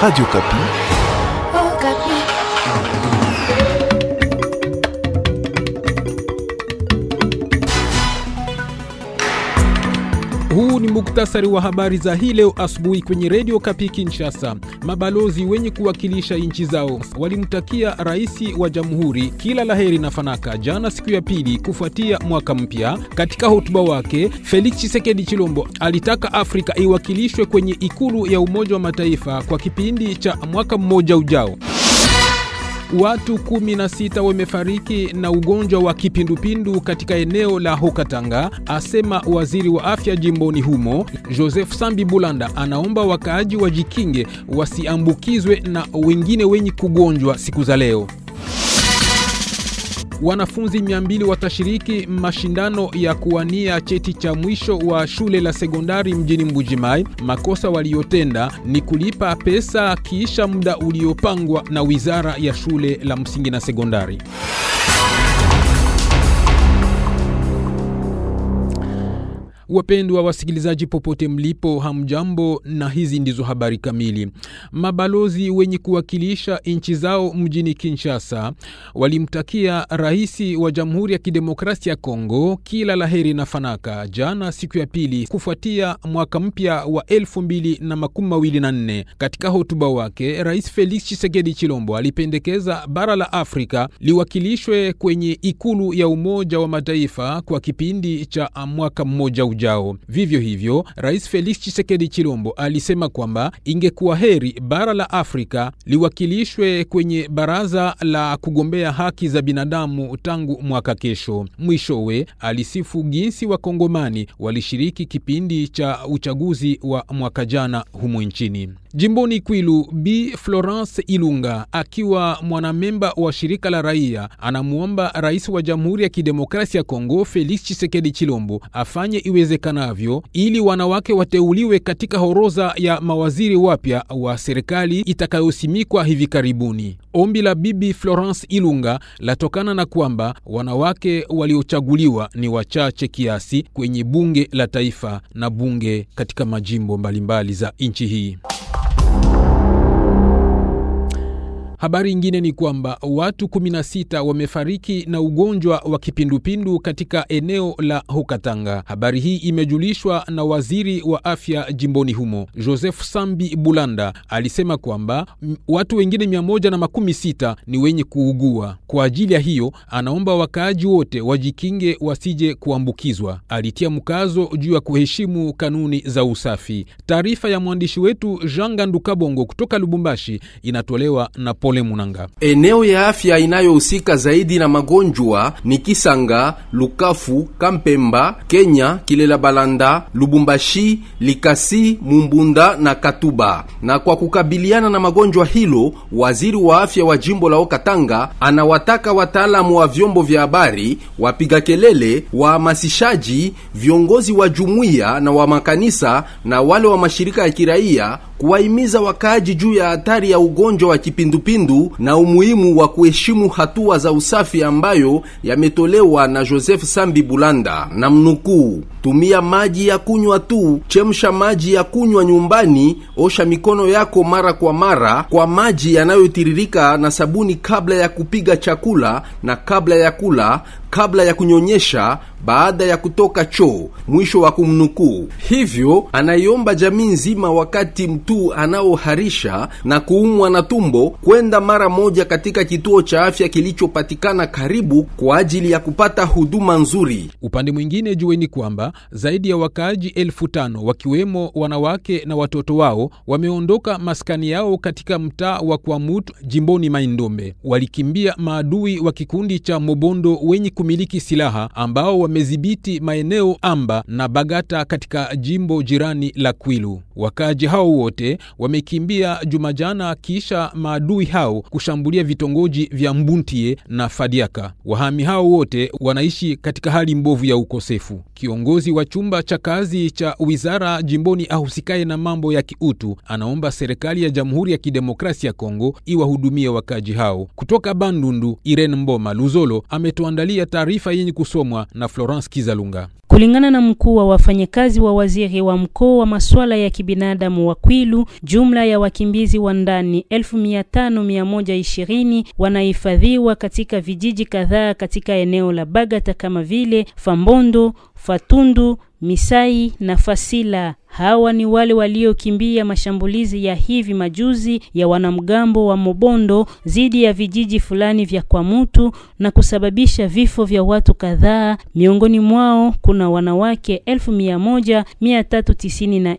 Radio Capi Huu ni muktasari wa habari za hii leo asubuhi kwenye redio Kapi Kinshasa. Mabalozi wenye kuwakilisha nchi zao walimtakia rais wa jamhuri kila laheri na fanaka jana, siku ya pili kufuatia mwaka mpya. Katika hotuba wake, Felix chisekedi Chilombo alitaka Afrika iwakilishwe kwenye ikulu ya Umoja wa Mataifa kwa kipindi cha mwaka mmoja ujao. Watu 16 wamefariki na ugonjwa wa kipindupindu katika eneo la Hokatanga, asema waziri wa afya jimboni humo. Joseph Sambi Bulanda anaomba wakaaji wajikinge wasiambukizwe na wengine wenye kugonjwa siku za leo. Wanafunzi 200 watashiriki mashindano ya kuwania cheti cha mwisho wa shule la sekondari mjini Mbujimai. Makosa waliotenda ni kulipa pesa kisha muda uliopangwa na Wizara ya Shule la Msingi na Sekondari. Wapendwa wasikilizaji, popote mlipo, hamjambo, na hizi ndizo habari kamili. Mabalozi wenye kuwakilisha nchi zao mjini Kinshasa walimtakia rais wa Jamhuri ya Kidemokrasia ya Kongo kila laheri na fanaka jana, siku ya pili, kufuatia mwaka mpya wa elfu mbili na makumi mawili na nne. Katika hotuba wake, Rais Felix Tshisekedi Chilombo alipendekeza bara la Afrika liwakilishwe kwenye ikulu ya Umoja wa Mataifa kwa kipindi cha mwaka mmoja ujao. Vivyo hivyo, Rais Felix Tshisekedi Chilombo alisema kwamba ingekuwa heri bara la Afrika liwakilishwe kwenye baraza la kugombea haki za binadamu tangu mwaka kesho. Mwishowe alisifu jinsi Wakongomani walishiriki kipindi cha uchaguzi wa mwaka jana humo nchini. Jimboni Kwilu, b Florence Ilunga akiwa mwanamemba wa shirika la raia anamwomba rais wa Jamhuri ya Kidemokrasia ya Kongo Felix Tshisekedi Chilombo afanye iwezekanavyo ili wanawake wateuliwe katika horoza ya mawaziri wapya wa serikali itakayosimikwa hivi karibuni. Ombi la Bibi Florence Ilunga latokana na kwamba wanawake waliochaguliwa ni wachache kiasi kwenye bunge la taifa na bunge katika majimbo mbalimbali mbali za nchi hii. Habari ingine ni kwamba watu 16 wamefariki na ugonjwa wa kipindupindu katika eneo la Hokatanga. Habari hii imejulishwa na waziri wa afya jimboni humo. Joseph Sambi Bulanda alisema kwamba watu wengine 116 ni wenye kuugua. Kwa ajili ya hiyo, anaomba wakaaji wote wajikinge wasije kuambukizwa. Alitia mkazo juu ya kuheshimu kanuni za usafi. Taarifa ya mwandishi wetu Jean Gandukabongo kutoka Lubumbashi inatolewa na Paul Pole Munanga. Eneo ya afya inayohusika zaidi na magonjwa ni Kisanga, Lukafu, Kampemba, Kenya, Kilela Balanda, Lubumbashi, Likasi, Mumbunda na Katuba. Na kwa kukabiliana na magonjwa hilo, waziri wa afya wa jimbo la Okatanga anawataka wataalamu wa vyombo vya habari, wapiga kelele, wahamasishaji, viongozi wa jumuiya na wa makanisa na wale wa mashirika ya kiraia kuwahimiza wakaaji juu ya hatari ya ugonjwa wa kipindupindu na umuhimu wa kuheshimu hatua za usafi ambayo yametolewa na Joseph Sambi Bulanda na mnukuu, tumia maji ya kunywa tu, chemsha maji ya kunywa nyumbani, osha mikono yako mara kwa mara kwa maji yanayotiririka na sabuni, kabla ya kupiga chakula na kabla ya kula kabla ya kunyonyesha, baada ya kutoka choo. Mwisho wa kumnukuu. Hivyo anaiomba jamii nzima wakati mtu mtu anaoharisha na kuumwa na tumbo kwenda mara moja katika kituo cha afya kilichopatikana karibu kwa ajili ya kupata huduma nzuri. Upande mwingine, jueni kwamba zaidi ya wakaaji elfu tano wakiwemo wanawake na watoto wao wameondoka maskani yao katika mtaa wa Kwamut jimboni Maindombe, walikimbia maadui wa kikundi cha Mobondo wenye kumiliki silaha ambao wamedhibiti maeneo Amba na Bagata katika jimbo jirani la Kwilu. Wakaaji hao wote wote wamekimbia Jumajana kisha maadui hao kushambulia vitongoji vya Mbuntie na Fadiaka. Wahami hao wote wanaishi katika hali mbovu ya ukosefu. Kiongozi wa chumba cha kazi cha wizara jimboni ahusikaye na mambo ya kiutu anaomba serikali ya Jamhuri ya Kidemokrasia ya Kongo iwahudumie wakaji hao. Kutoka Bandundu, Irene Mboma Luzolo ametuandalia taarifa yenye kusomwa na Florence Kizalunga. Kulingana na mkuu wa wafanyakazi wa waziri wa mkoa wa masuala ya kibinadamu wa Kwilu, jumla ya wakimbizi wa ndani 5120 wanahifadhiwa katika vijiji kadhaa katika eneo la Bagata kama vile Fambondo, Fatundu Misai na Fasila. Hawa ni wale waliokimbia mashambulizi ya hivi majuzi ya wanamgambo wa Mobondo dhidi ya vijiji fulani vya Kwamutu na kusababisha vifo vya watu kadhaa. Miongoni mwao kuna wanawake na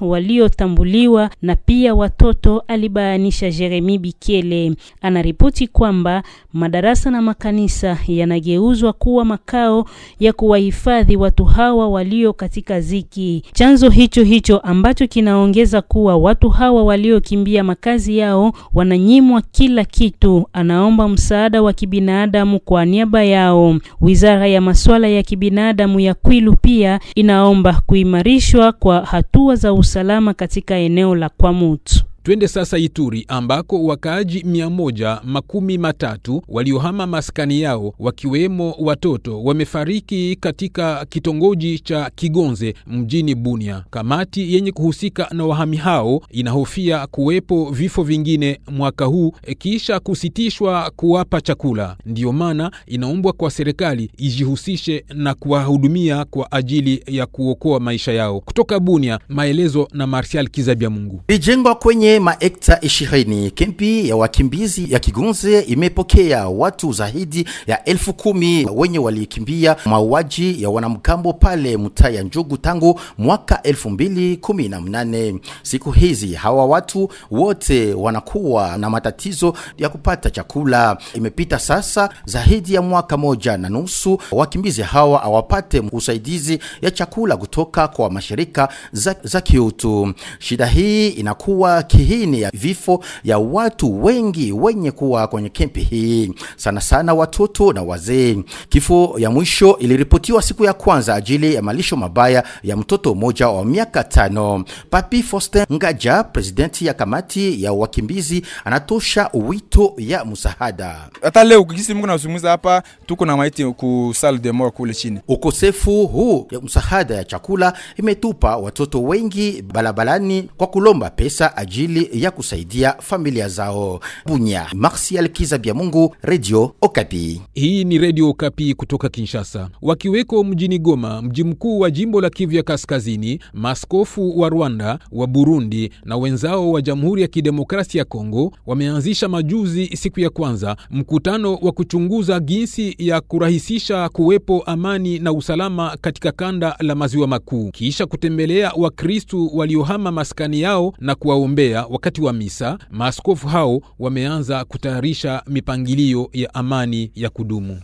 waliotambuliwa na pia watoto, alibayanisha Jeremy Bikele. Anaripoti kwamba madarasa na makanisa yanageuzwa kuwa makao ya kuwahifadhi watu hawa walio walio katika ziki. Chanzo hicho hicho ambacho kinaongeza kuwa watu hawa waliokimbia makazi yao wananyimwa kila kitu, anaomba msaada wa kibinadamu kwa niaba yao. Wizara ya masuala ya kibinadamu ya Kwilu pia inaomba kuimarishwa kwa hatua za usalama katika eneo la Kwamutu. Twende sasa Ituri ambako wakaaji mia moja makumi matatu waliohama maskani yao wakiwemo watoto wamefariki katika kitongoji cha Kigonze mjini Bunia. Kamati yenye kuhusika na wahami hao inahofia kuwepo vifo vingine mwaka huu e, kisha kusitishwa kuwapa chakula. Ndiyo maana inaombwa kwa serikali ijihusishe na kuwahudumia kwa ajili ya kuokoa maisha yao. Kutoka Bunia, maelezo na Kizabia Mungu. Lijengo kwenye kwenye maekta ishirini kempi ya wakimbizi ya Kigunze imepokea watu zaidi ya elfu kumi wenye walikimbia mauaji ya wanamgambo pale mtaa ya Njugu tangu mwaka elfu mbili kumi na mnane. Siku hizi hawa watu wote wanakuwa na matatizo ya kupata chakula. Imepita sasa zaidi ya mwaka moja na nusu, wakimbizi hawa hawapate usaidizi ya chakula kutoka kwa mashirika za, za kiutu. Shida hii inakuwa ki kempi hii ni ya vifo ya watu wengi wenye kuwa kwenye kempi hii, sana sana watoto na wazee. Kifo ya mwisho iliripotiwa siku ya kwanza ajili ya malisho mabaya ya mtoto mmoja wa miaka tano. Papi Faustin Ngaja, presidenti ya kamati ya wakimbizi, anatosha wito ya msaada. Hata leo kisi Mungu anazungumza hapa, tuko na maiti ku salle de mort kule chini. Ukosefu huu ya msaada ya chakula imetupa watoto wengi balabalani kwa kulomba pesa ajili ajili ya kusaidia familia zao. Bunya, Marsial Kizabia Mungu, Redio Okapi. Hii ni redio Okapi kutoka Kinshasa. Wakiweko mjini Goma, mji mkuu wa jimbo la Kivu ya Kaskazini, maskofu wa Rwanda, wa Burundi na wenzao wa Jamhuri ya Kidemokrasia ya Kongo wameanzisha majuzi, siku ya kwanza, mkutano wa kuchunguza jinsi ya kurahisisha kuwepo amani na usalama katika kanda la maziwa makuu, kisha kutembelea Wakristu waliohama maskani yao na kuwaombea wakati wa misa, maaskofu hao wameanza kutayarisha mipangilio ya amani ya kudumu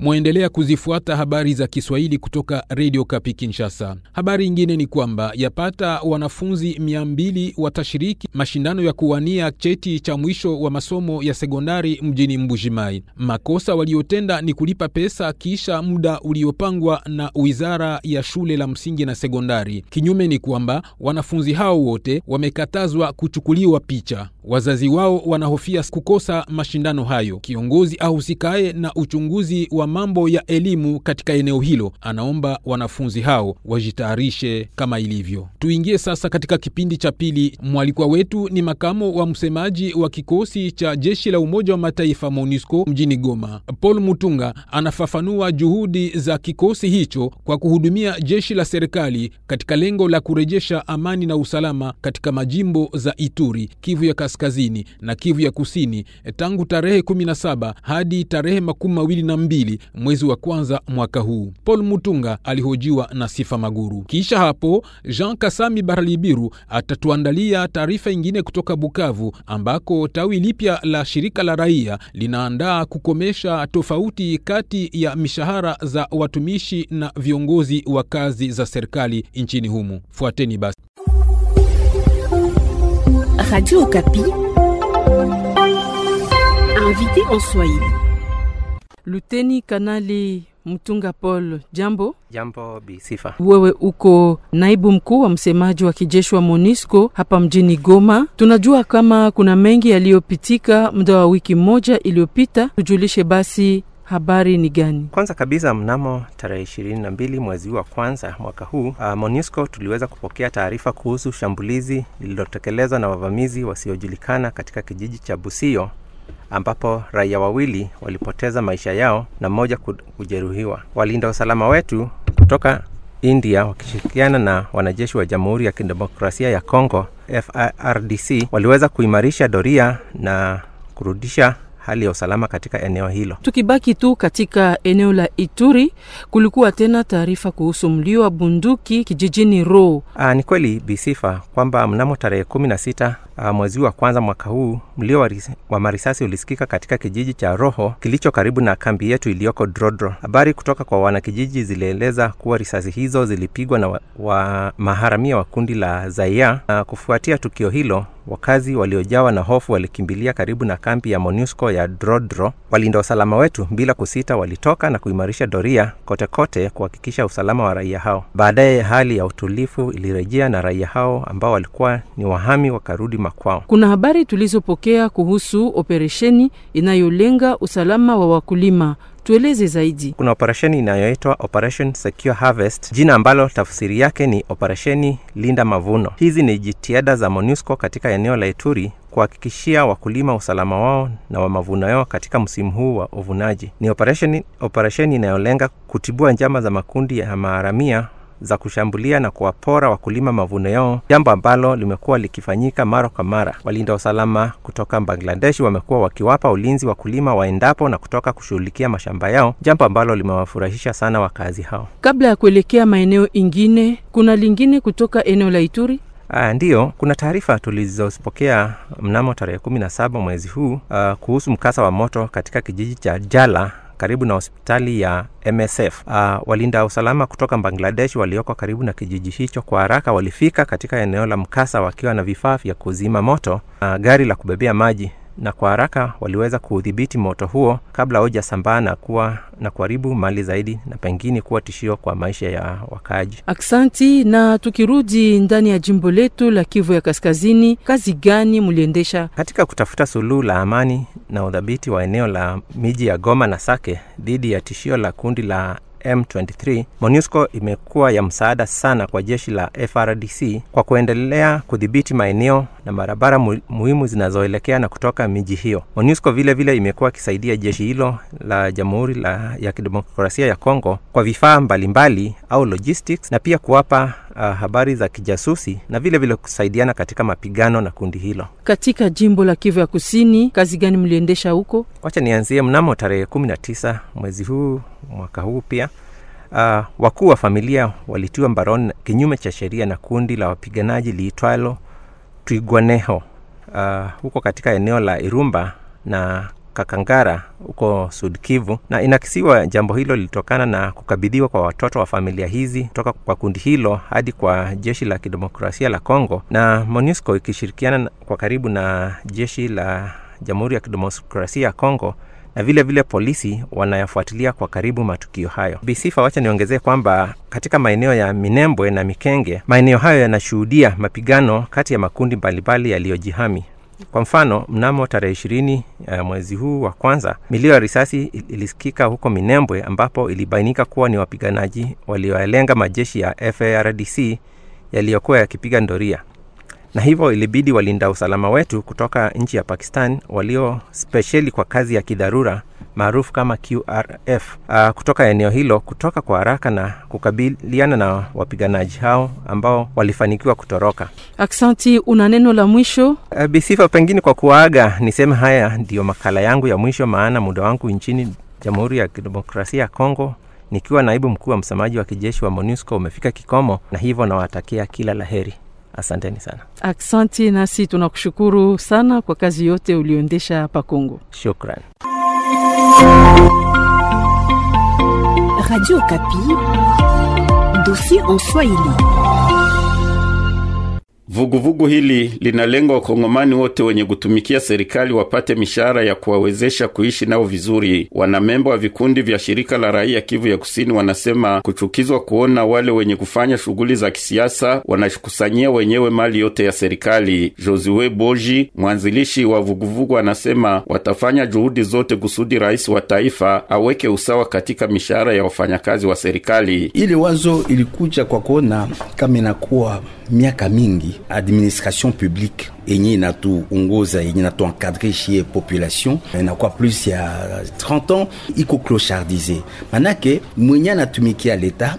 mwaendelea kuzifuata habari za Kiswahili kutoka redio Kapi Kinshasa. Habari ingine ni kwamba yapata wanafunzi mbili watashiriki mashindano ya kuwania cheti cha mwisho wa masomo ya sekondari mjini Mbujimai. Makosa waliotenda ni kulipa pesa kisha muda uliopangwa na wizara ya shule la msingi na sekondari. Kinyume ni kwamba wanafunzi hao wote wamekatazwa kuchukuliwa picha. Wazazi wao wanahofia kukosa mashindano hayo. Kiongozi ahusikaye na uchunguzi wa mambo ya elimu katika eneo hilo anaomba wanafunzi hao wajitayarishe kama ilivyo. Tuingie sasa katika kipindi cha pili. Mwalikwa wetu ni makamo wa msemaji wa kikosi cha jeshi la Umoja wa Mataifa MONUSCO mjini Goma, Paul Mutunga anafafanua juhudi za kikosi hicho kwa kuhudumia jeshi la serikali katika lengo la kurejesha amani na usalama katika majimbo za Ituri, Kivu ya Kaskazini na Kivu ya Kusini tangu tarehe 17 hadi tarehe makumi mawili na mbili mwezi wa kwanza mwaka huu. Paul Mutunga alihojiwa na Sifa Maguru. Kisha hapo Jean Kasami Baralibiru atatuandalia taarifa ingine kutoka Bukavu ambako tawi lipya la shirika la raia linaandaa kukomesha tofauti kati ya mishahara za watumishi na viongozi wa kazi za serikali nchini humu. Fuateni basi. Radio Okapi, invité en Swahili. Luteni Kanali Mtunga Paul, jambo. Jambo Bi Sifa. Wewe uko naibu mkuu wa msemaji wa kijeshi wa MONUSCO hapa mjini Goma. Tunajua kama kuna mengi yaliyopitika muda wa wiki moja iliyopita, tujulishe basi habari ni gani? Kwanza kabisa, mnamo tarehe ishirini na mbili mwezi wa kwanza mwaka huu uh, MONUSCO tuliweza kupokea taarifa kuhusu shambulizi lililotekelezwa na wavamizi wasiojulikana katika kijiji cha Busio ambapo raia wawili walipoteza maisha yao na mmoja kujeruhiwa. Walinda usalama wetu kutoka India wakishirikiana na wanajeshi wa Jamhuri ya Kidemokrasia ya Kongo FARDC waliweza kuimarisha doria na kurudisha hali ya usalama katika eneo hilo. Tukibaki tu katika eneo la Ituri, kulikuwa tena taarifa kuhusu mlio wa bunduki kijijini Ro. Aa, ah, ni kweli Bisifa kwamba mnamo tarehe kumi na sita ah, mwezi wa kwanza mwaka huu mlio wa, marisasi ulisikika katika kijiji cha Roho kilicho karibu na kambi yetu iliyoko Drodro. Habari kutoka kwa wanakijiji zilieleza kuwa risasi hizo zilipigwa na wa, wa maharamia wa kundi la Zaia. Ah, kufuatia tukio hilo Wakazi waliojawa na hofu walikimbilia karibu na kambi ya MONUSCO ya Drodro. Walinda usalama wetu bila kusita walitoka na kuimarisha doria kote kote kuhakikisha usalama wa raia hao. Baadaye hali ya utulifu ilirejea na raia hao ambao walikuwa ni wahami wakarudi makwao. Kuna habari tulizopokea kuhusu operesheni inayolenga usalama wa wakulima. Tueleze zaidi. Kuna operesheni inayoitwa Operation Secure Harvest, jina ambalo tafsiri yake ni operesheni linda mavuno. Hizi ni jitihada za MONUSCO katika eneo la Ituri kuhakikishia wakulima usalama wao na wa mavuno yao katika msimu huu wa uvunaji. Ni operesheni operesheni inayolenga kutibua njama za makundi ya maharamia za kushambulia na kuwapora wakulima mavuno yao, jambo ambalo limekuwa likifanyika mara kwa mara. Walinda usalama kutoka Bangladesh wamekuwa wakiwapa ulinzi wakulima waendapo na kutoka kushughulikia mashamba yao, jambo ambalo limewafurahisha sana wakazi hao. Kabla ya kuelekea maeneo ingine, kuna lingine kutoka eneo la Ituri. Aa, ah, ndiyo kuna taarifa tulizopokea mnamo tarehe kumi na saba mwezi huu, uh, kuhusu mkasa wa moto katika kijiji cha Jala karibu na hospitali ya MSF. Uh, ah, walinda usalama kutoka Bangladesh walioko karibu na kijiji hicho kwa haraka walifika katika eneo la mkasa wakiwa na vifaa vya kuzima moto, uh, gari la kubebea maji na kwa haraka waliweza kuudhibiti moto huo kabla haujasambaa na kuwa na kuharibu mali zaidi na pengine kuwa tishio kwa maisha ya wakaaji. Aksanti. Na tukirudi ndani ya jimbo letu la Kivu ya Kaskazini, kazi gani mliendesha katika kutafuta suluhu la amani na udhabiti wa eneo la miji ya Goma na Sake dhidi ya tishio la kundi la M23, MONUSCO imekuwa ya msaada sana kwa jeshi la FRDC kwa kuendelea kudhibiti maeneo na barabara muhimu zinazoelekea na kutoka miji hiyo. MONUSCO vilevile imekuwa ikisaidia jeshi hilo la Jamhuri ya Kidemokrasia ya Kongo kwa vifaa mbalimbali au logistics na pia kuwapa uh, habari za kijasusi na vile vile kusaidiana katika mapigano na kundi hilo. Katika jimbo la Kivu ya Kusini, kazi gani mliendesha huko? Wacha nianzie mnamo tarehe 19 mwezi huu mwaka huu pia uh, wakuu wa familia walitiwa mbaroni kinyume cha sheria na kundi la wapiganaji liitwalo twigwaneho uh, huko katika eneo la irumba na Kakangara huko sudkivu na inakisiwa jambo hilo lilitokana na kukabidhiwa kwa watoto wa familia hizi kutoka kwa kundi hilo hadi kwa jeshi la kidemokrasia la congo na MONUSCO ikishirikiana kwa karibu na jeshi la Jamhuri ya Kidemokrasia ya Kongo na vile vile polisi wanayafuatilia kwa karibu matukio hayo. Bisifa, wacha niongezee kwamba katika maeneo ya Minembwe na Mikenge, maeneo hayo yanashuhudia mapigano kati ya makundi mbalimbali yaliyojihami. Kwa mfano, mnamo tarehe ishirini eh, mwezi huu wa kwanza, milio ya risasi ilisikika huko Minembwe, ambapo ilibainika kuwa ni wapiganaji walioyalenga majeshi ya FARDC yaliyokuwa yakipiga ndoria na hivyo ilibidi walinda usalama wetu kutoka nchi ya Pakistan walio spesheli kwa kazi ya kidharura maarufu kama QRF uh, ah, kutoka eneo hilo kutoka kwa haraka na kukabiliana na wapiganaji hao ambao walifanikiwa kutoroka. Aksanti, una neno la mwisho? Uh, Bisifa, pengine kwa kuaga niseme haya ndiyo makala yangu ya mwisho, maana muda wangu nchini Jamhuri ya Kidemokrasia ya Kongo nikiwa naibu mkuu wa msemaji wa kijeshi wa MONUSCO umefika kikomo, na hivyo nawatakia kila laheri. Asanteni sana. asanti. nasi tunakushukuru sana kwa kazi yote uliyoendesha hapa Kongo. Shukran. Radio Kapi, dosie en Swahili. Vuguvugu vugu hili linalenga wakongomani wote wenye kutumikia serikali wapate mishahara ya kuwawezesha kuishi nao vizuri. Wanamemba wa vikundi vya shirika la raia Kivu ya Kusini wanasema kuchukizwa kuona wale wenye kufanya shughuli za kisiasa wanakusanyia wenyewe mali yote ya serikali. Josue Boji, mwanzilishi wa vuguvugu vugu, anasema watafanya juhudi zote kusudi rais wa taifa aweke usawa katika mishahara ya wafanyakazi wa serikali. ili wazo ilikuja kwa kuona kama inakuwa miaka mingi administration publique yenye inatuongoza yenye inatuenkadre chez population quoi plus il y a 30 ans iko clochardize, manake mwenye anatumikia l'état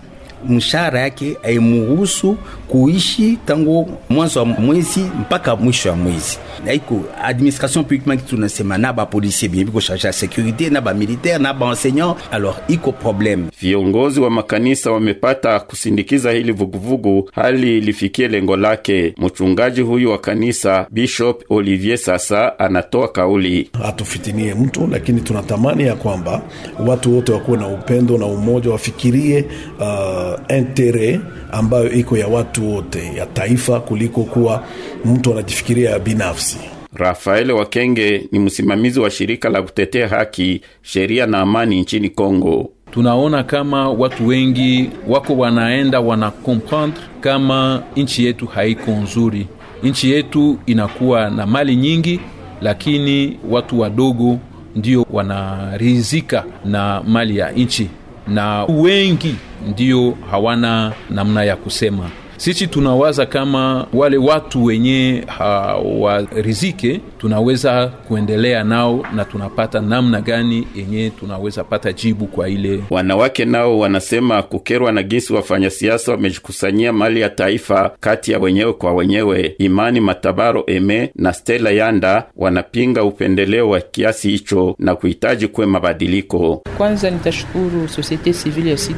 mshahara yake aimuruhusu kuishi tangu mwanzo wa mwezi mpaka mwisho wa mwezi. Naiko administration publique tunasema na ba policier bien biko charge ya sécurité, na ba militaire na ba enseignant, alors iko problème Viongozi wa makanisa wamepata kusindikiza hili vuguvugu hali ilifikie lengo lake. Mchungaji huyu wa kanisa Bishop Olivier sasa anatoa kauli: hatufitinie mtu, lakini tunatamani ya kwamba watu wote wakuwe na upendo na umoja, wafikirie uh, intere ambayo iko ya watu wote ya taifa kuliko kuwa mtu anajifikiria binafsi. Rafael Wakenge ni msimamizi wa shirika la kutetea haki, sheria na amani nchini Kongo tunaona kama watu wengi wako wanaenda comprendre kama nchi yetu haiko nzuri. Nchi yetu inakuwa na mali nyingi, lakini watu wadogo ndio wanarizika na mali ya nchi, na wengi ndio hawana namna ya kusema. Sisi tunawaza kama wale watu wenye hawarizike tunaweza kuendelea nao na tunapata namna gani yenye tunaweza pata jibu kwa ile. Wanawake nao wanasema kukerwa na jinsi wafanyasiasa wamejikusanyia mali ya taifa kati ya wenyewe kwa wenyewe. Imani Matabaro Eme na stela Yanda wanapinga upendeleo wa kiasi hicho na kuhitaji kuwe mabadiliko. Kwanza nitashukuru societe civile ya Sud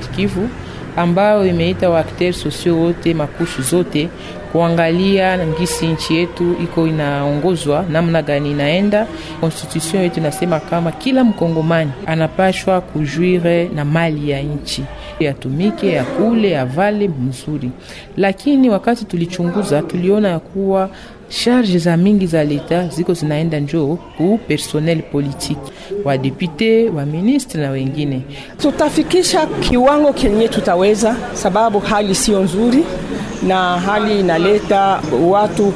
ambayo imeita waakteri sosio wote makushu zote kuangalia ngisi nchi yetu iko inaongozwa namna gani inaenda. Konstitution yetu inasema kama kila mkongomani anapashwa kujuire na mali ya nchi yatumike, ya kule, ya vale mzuri, lakini wakati tulichunguza tuliona ya kuwa Charge za mingi za leta ziko zinaenda njoo ku personnel député wadepute, ministre na wengine. Tutafikisha kiwango kenye tutaweza, sababu hali sio nzuri na hali inaleta watu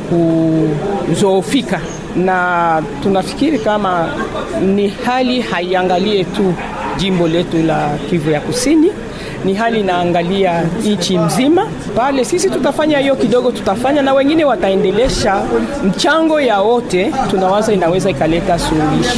kuzoofika, na tunafikiri kama ni hali haiangalie tu jimbo letu la Kivu ya Kusini ni hali inaangalia nchi mzima pale. Sisi tutafanya hiyo kidogo, tutafanya na wengine wataendelesha mchango ya wote, tunawaza inaweza ikaleta suluhisho.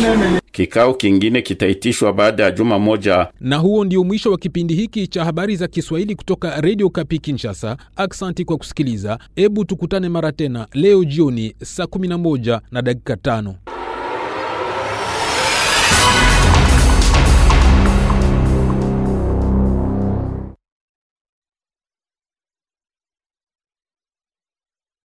Kikao kingine kitaitishwa baada ya juma moja. Na huo ndio mwisho wa kipindi hiki cha habari za Kiswahili kutoka Radio Kapi Kinshasa. Aksanti kwa kusikiliza. Hebu tukutane mara tena leo jioni saa 11 na dakika tano.